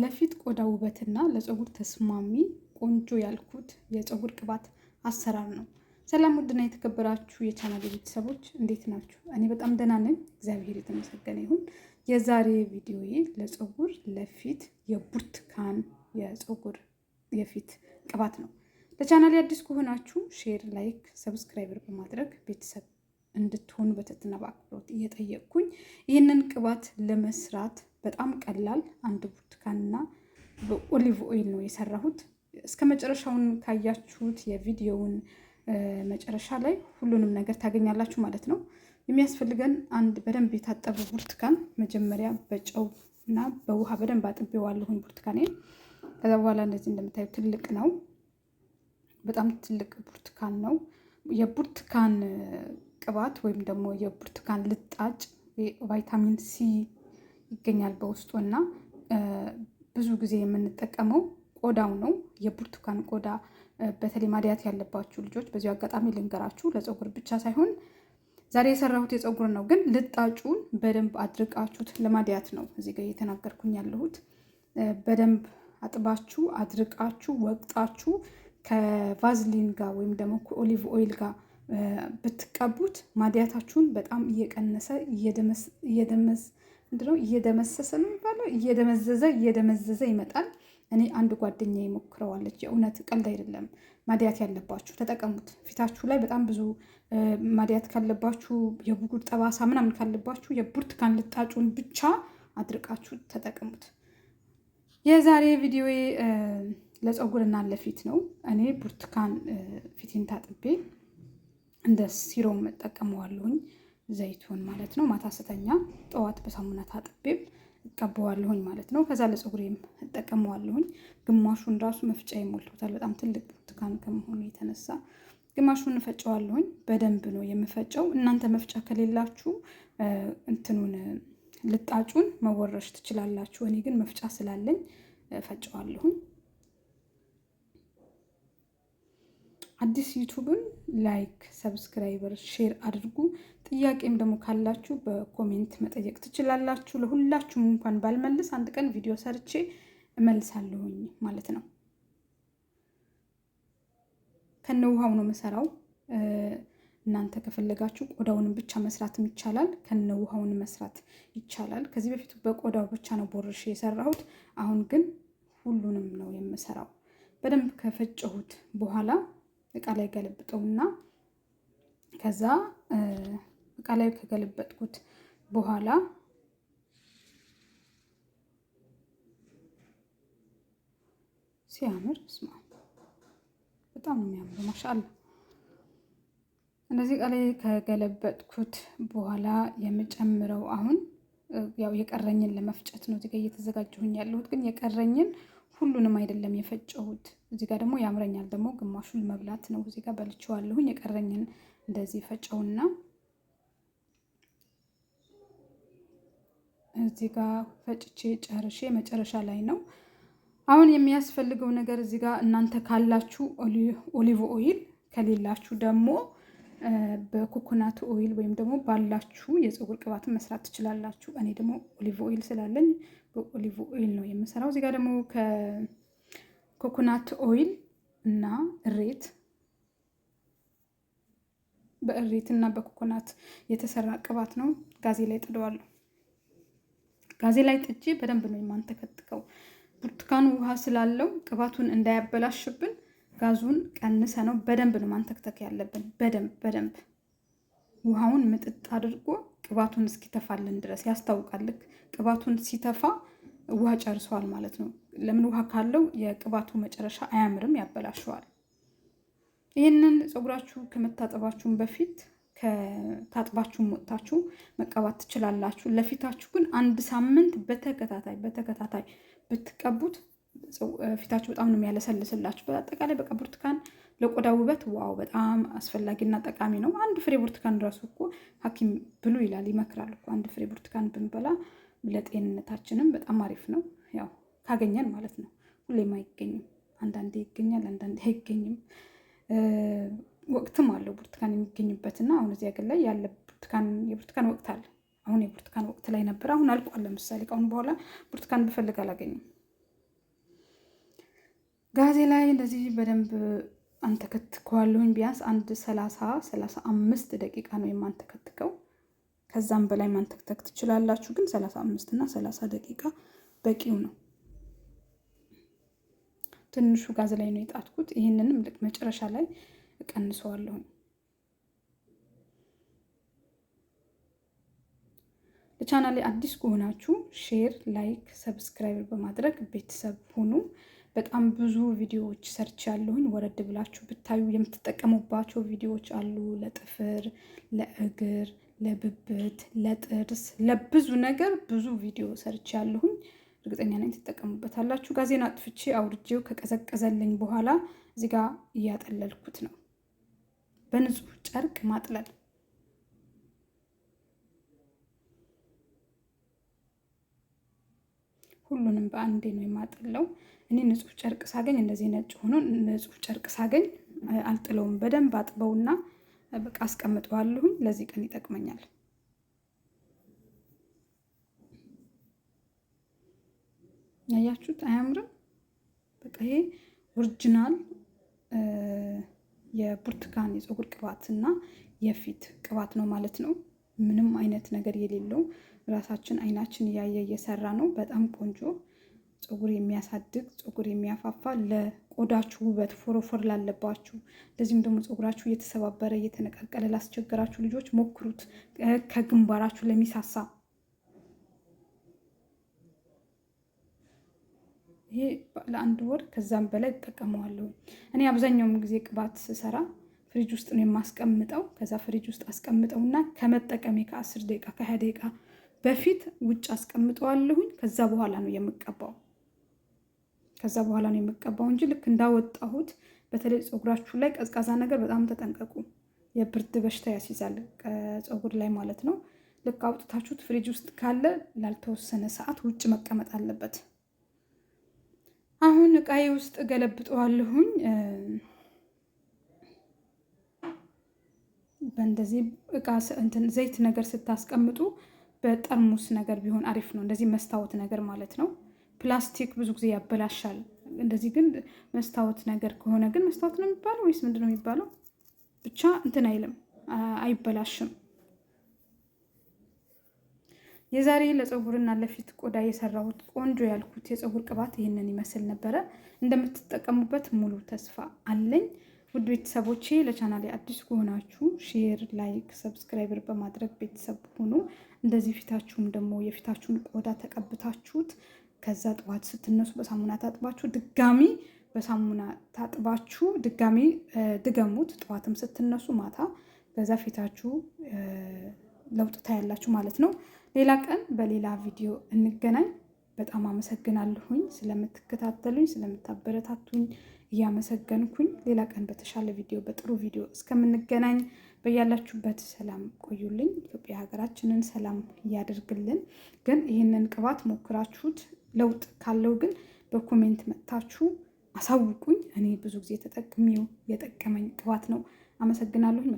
ለፊት ቆዳ ውበትና ለፀጉር ተስማሚ ቆንጆ ያልኩት የፀጉር ቅባት አሰራር ነው። ሰላም ውድና የተከበራችሁ የቻናል ቤተሰቦች እንዴት ናችሁ? እኔ በጣም ደህና ነኝ፣ እግዚአብሔር የተመሰገነ ይሁን። የዛሬ ቪዲዮ ለፀጉር ለፊት የብርቱካን የፀጉር የፊት ቅባት ነው። ለቻናል አዲስ ከሆናችሁ ሼር፣ ላይክ፣ ሰብስክራይበር በማድረግ ቤተሰብ እንድትሆኑ በትህትና በአክብሮት እየጠየቅኩኝ ይህንን ቅባት ለመስራት በጣም ቀላል አንድ ብርቱካንና ኦሊቭ ኦይል ነው የሰራሁት። እስከ መጨረሻውን ካያችሁት የቪዲዮውን መጨረሻ ላይ ሁሉንም ነገር ታገኛላችሁ ማለት ነው። የሚያስፈልገን አንድ በደንብ የታጠበ ብርቱካን መጀመሪያ በጨው እና በውሃ በደንብ አጥቤዋለሁኝ ብርቱካኔን። ከዛ በኋላ እንደዚህ እንደምታዩ ትልቅ ነው፣ በጣም ትልቅ ብርቱካን ነው። የብርቱካን ቅባት ወይም ደግሞ የብርቱካን ልጣጭ ቫይታሚን ሲ ይገኛል በውስጡ እና ብዙ ጊዜ የምንጠቀመው ቆዳው ነው፣ የብርቱካን ቆዳ። በተለይ ማድያት ያለባችሁ ልጆች በዚሁ አጋጣሚ ልንገራችሁ፣ ለፀጉር ብቻ ሳይሆን ዛሬ የሰራሁት የፀጉር ነው፣ ግን ልጣጩን በደንብ አድርቃችሁት ለማድያት ነው እዚህ ጋር እየተናገርኩኝ ያለሁት። በደንብ አጥባችሁ አድርቃችሁ ወቅጣችሁ ከቫዝሊን ጋር ወይም ደግሞ ከኦሊቭ ኦይል ጋር ብትቀቡት ማድያታችሁን በጣም እየቀነሰ እየደመስ ምንድነው እየደመሰሰ ነው የሚባለው፣ እየደመዘዘ እየደመዘዘ ይመጣል። እኔ አንድ ጓደኛ ይሞክረዋለች። የእውነት ቀልድ አይደለም። ማዲያት ያለባችሁ ተጠቀሙት። ፊታችሁ ላይ በጣም ብዙ ማዲያት ካለባችሁ፣ የብጉር ጠባሳ ምናምን ካለባችሁ የብርቱካን ልጣጩን ብቻ አድርቃችሁ ተጠቀሙት። የዛሬ ቪዲዮ ለፀጉርና ለፊት ነው። እኔ ብርቱካን ፊቴን ታጥቤ እንደ ሲሮም እጠቀመዋለሁኝ። ዘይቱን ማለት ነው። ማታ ስተኛ ጠዋት በሳሙና ታጥቤም እቀባዋለሁኝ ማለት ነው። ከዛ ለፀጉሬም እጠቀመዋለሁኝ። ግማሹን ራሱ መፍጫ ይሞልቶታል፣ በጣም ትልቅ ብርቱካን ከመሆኑ የተነሳ ግማሹን እፈጨዋለሁኝ። በደንብ ነው የምፈጨው። እናንተ መፍጫ ከሌላችሁ እንትኑን ልጣጩን መወረሽ ትችላላችሁ። እኔ ግን መፍጫ ስላለኝ እፈጨዋለሁኝ። አዲስ ዩቱብን ላይክ፣ ሰብስክራይበር፣ ሼር አድርጉ። ጥያቄም ደግሞ ካላችሁ በኮሜንት መጠየቅ ትችላላችሁ። ለሁላችሁም እንኳን ባልመልስ አንድ ቀን ቪዲዮ ሰርቼ እመልሳለሁኝ ማለት ነው። ከነ ውሃው ነው መሰራው። እናንተ ከፈለጋችሁ ቆዳውንም ብቻ መስራትም ይቻላል። ከነ ውሃውን መስራት ይቻላል። ከዚህ በፊት በቆዳው ብቻ ነው ቦርሼ የሰራሁት። አሁን ግን ሁሉንም ነው የምሰራው። በደንብ ከፈጨሁት በኋላ እቃ ላይ እና ከዛ እቃ ላይ ከገለበጥኩት በኋላ ሲያምር ስማ፣ በጣም ነው የሚያምረው። ማሻአላ እንደዚህ እቃ ላይ ከገለበጥኩት በኋላ የምጨምረው አሁን ያው የቀረኝን ለመፍጨት ነው እዚጋ እየተዘጋጀሁኝ ያለሁት። ግን የቀረኝን ሁሉንም አይደለም የፈጨሁት። እዚጋ ደግሞ ያምረኛል ደግሞ ግማሹን መብላት ነው እዚጋ በልቼዋለሁኝ። የቀረኝን እንደዚህ ፈጨውና እዚጋ ፈጭቼ ጨርሼ መጨረሻ ላይ ነው አሁን የሚያስፈልገው ነገር እዚጋ እናንተ ካላችሁ ኦሊቭ ኦይል ከሌላችሁ ደግሞ በኮኮናት ኦይል ወይም ደግሞ ባላችሁ የፀጉር ቅባትን መስራት ትችላላችሁ። እኔ ደግሞ ኦሊቭ ኦይል ስላለኝ በኦሊቭ ኦይል ነው የምሰራው። እዚጋ ደግሞ ከኮኮናት ኦይል እና እሬት በእሬት እና በኮኮናት የተሰራ ቅባት ነው። ጋዜ ላይ ጥደዋለሁ። ጋዜ ላይ ጥጄ በደንብ ነው የማንተከትከው። ብርቱካን ውሃ ስላለው ቅባቱን እንዳያበላሽብን ጋዙን ቀንሰ ነው በደንብ ነው ማንተክተክ ያለብን። በደንብ በደንብ ውሃውን ምጥጥ አድርጎ ቅባቱን እስኪተፋልን ድረስ ያስታውቃል። ልክ ቅባቱን ሲተፋ ውሃ ጨርሰዋል ማለት ነው። ለምን ውሃ ካለው የቅባቱ መጨረሻ አያምርም፣ ያበላሸዋል። ይህንን ፀጉራችሁ ከመታጠባችሁም በፊት ከታጥባችሁም ወጥታችሁ መቀባት ትችላላችሁ። ለፊታችሁ ግን አንድ ሳምንት በተከታታይ በተከታታይ ብትቀቡት ፊታችሁ በጣም ነው የሚያለሰልስላችሁ። በአጠቃላይ በቃ ብርቱካን ለቆዳ ውበት ዋው በጣም አስፈላጊና ጠቃሚ ነው። አንድ ፍሬ ብርቱካን ራሱ እኮ ሐኪም ብሉ ይላል ይመክራል እኮ አንድ ፍሬ ብርቱካን ብንበላ ለጤንነታችንም በጣም አሪፍ ነው። ያው ካገኘን ማለት ነው። ሁሌም አይገኝም። አንዳንዴ ይገኛል፣ አንዳንዴ አይገኝም። ወቅትም አለው ብርቱካን የሚገኝበትና አሁን እዚህ ሀገር ላይ ያለ ብርቱካን የብርቱካን ወቅት አለ። አሁን የብርቱካን ወቅት ላይ ነበር። አሁን አልቋል። ለምሳሌ ከአሁን በኋላ ብርቱካን ብፈልግ አላገኝም። ጋዜ ላይ እንደዚህ በደንብ አንተከትከዋለሁኝ። ቢያንስ አንድ ሰላሳ ሰላሳ አምስት ደቂቃ ነው የማንተከትከው። ከዛም በላይ ማንተክተክ ትችላላችሁ፣ ግን ሰላሳ አምስት እና ሰላሳ ደቂቃ በቂው ነው። ትንሹ ጋዝ ላይ ነው የጣትኩት። ይህንንም ልክ መጨረሻ ላይ እቀንሰዋለሁኝ። ለቻናል አዲስ ከሆናችሁ ሼር፣ ላይክ፣ ሰብስክራይብ በማድረግ ቤተሰብ ሁኑ። በጣም ብዙ ቪዲዮዎች ሰርች ያለሁኝ ወረድ ብላችሁ ብታዩ የምትጠቀሙባቸው ቪዲዮዎች አሉ። ለጥፍር፣ ለእግር፣ ለብብት፣ ለጥርስ፣ ለብዙ ነገር ብዙ ቪዲዮ ሰርች ያለሁኝ። እርግጠኛ ነኝ ትጠቀሙበታላችሁ። ጋዜና አጥፍቼ አውርጄው ከቀዘቀዘልኝ በኋላ እዚጋ እያጠለልኩት ነው። በንጹህ ጨርቅ ማጥለል ሁሉንም በአንዴ ነው የማጥለው። እኔ ንጹህ ጨርቅ ሳገኝ እንደዚህ ነጭ ሆኖ ንጹህ ጨርቅ ሳገኝ አልጥለውም። በደንብ አጥበውና በቃ አስቀምጠዋለሁኝ። ለዚህ ቀን ይጠቅመኛል። ያያችሁት አያምርም? በቃ ይሄ ኦሪጂናል የብርቱካን የፀጉር ቅባት እና የፊት ቅባት ነው ማለት ነው። ምንም አይነት ነገር የሌለው ራሳችን አይናችን እያየ እየሰራ ነው። በጣም ቆንጆ ፀጉር የሚያሳድግ ፀጉር የሚያፋፋ ለቆዳችሁ ውበት ፎሮፎር ላለባችሁ፣ እንደዚሁም ደግሞ ጸጉራችሁ እየተሰባበረ እየተነቀቀለ ላስቸገራችሁ ልጆች ሞክሩት። ከግንባራችሁ ለሚሳሳ ይሄ ለአንድ ወር ከዛም በላይ እጠቀመዋለሁ። እኔ አብዛኛውም ጊዜ ቅባት ስሰራ ፍሪጅ ውስጥ ነው የማስቀምጠው። ከዛ ፍሪጅ ውስጥ አስቀምጠውና ከመጠቀሜ ከአስር ደቂቃ ከሀያ ደቂቃ በፊት ውጭ አስቀምጠዋለሁኝ። ከዛ በኋላ ነው የምቀባው። ከዛ በኋላ ነው የምቀባው እንጂ ልክ እንዳወጣሁት፣ በተለይ ፀጉራችሁ ላይ ቀዝቃዛ ነገር በጣም ተጠንቀቁ። የብርድ በሽታ ያስይዛል ፀጉር ላይ ማለት ነው። ልክ አውጥታችሁት ፍሪጅ ውስጥ ካለ ላልተወሰነ ሰዓት ውጭ መቀመጥ አለበት። አሁን እቃዬ ውስጥ ገለብጠዋለሁኝ። በእንደዚህ እቃ እንትን ዘይት ነገር ስታስቀምጡ በጠርሙስ ነገር ቢሆን አሪፍ ነው። እንደዚህ መስታወት ነገር ማለት ነው። ፕላስቲክ ብዙ ጊዜ ያበላሻል። እንደዚህ ግን መስታወት ነገር ከሆነ ግን መስታወት ነው የሚባለው ወይስ ምንድን ነው የሚባለው? ብቻ እንትን አይልም፣ አይበላሽም። የዛሬ ለፀጉርና ለፊት ቆዳ የሰራሁት ቆንጆ ያልኩት የፀጉር ቅባት ይህንን ይመስል ነበረ። እንደምትጠቀሙበት ሙሉ ተስፋ አለኝ። ውድ ቤተሰቦቼ ለቻናል አዲስ ከሆናችሁ ሼር፣ ላይክ፣ ሰብስክራይበር በማድረግ ቤተሰብ ሁኑ። እንደዚህ ፊታችሁም ደግሞ የፊታችሁን ቆዳ ተቀብታችሁት ከዛ ጠዋት ስትነሱ በሳሙና ታጥባችሁ ድጋሚ በሳሙና ታጥባችሁ ድጋሚ ድገሙት። ጠዋትም ስትነሱ ማታ በዛ ፊታችሁ ለውጥ ታያላችሁ ማለት ነው። ሌላ ቀን በሌላ ቪዲዮ እንገናኝ። በጣም አመሰግናለሁኝ ስለምትከታተሉኝ፣ ስለምታበረታቱኝ እያመሰገንኩኝ ሌላ ቀን በተሻለ ቪዲዮ በጥሩ ቪዲዮ እስከምንገናኝ በያላችሁበት ሰላም ቆዩልኝ። ኢትዮጵያ ሀገራችንን ሰላም እያደርግልን። ግን ይህንን ቅባት ሞክራችሁት ለውጥ ካለው ግን በኮሜንት መጥታችሁ አሳውቁኝ። እኔ ብዙ ጊዜ ተጠቅሚው የጠቀመኝ ቅባት ነው። አመሰግናለሁ።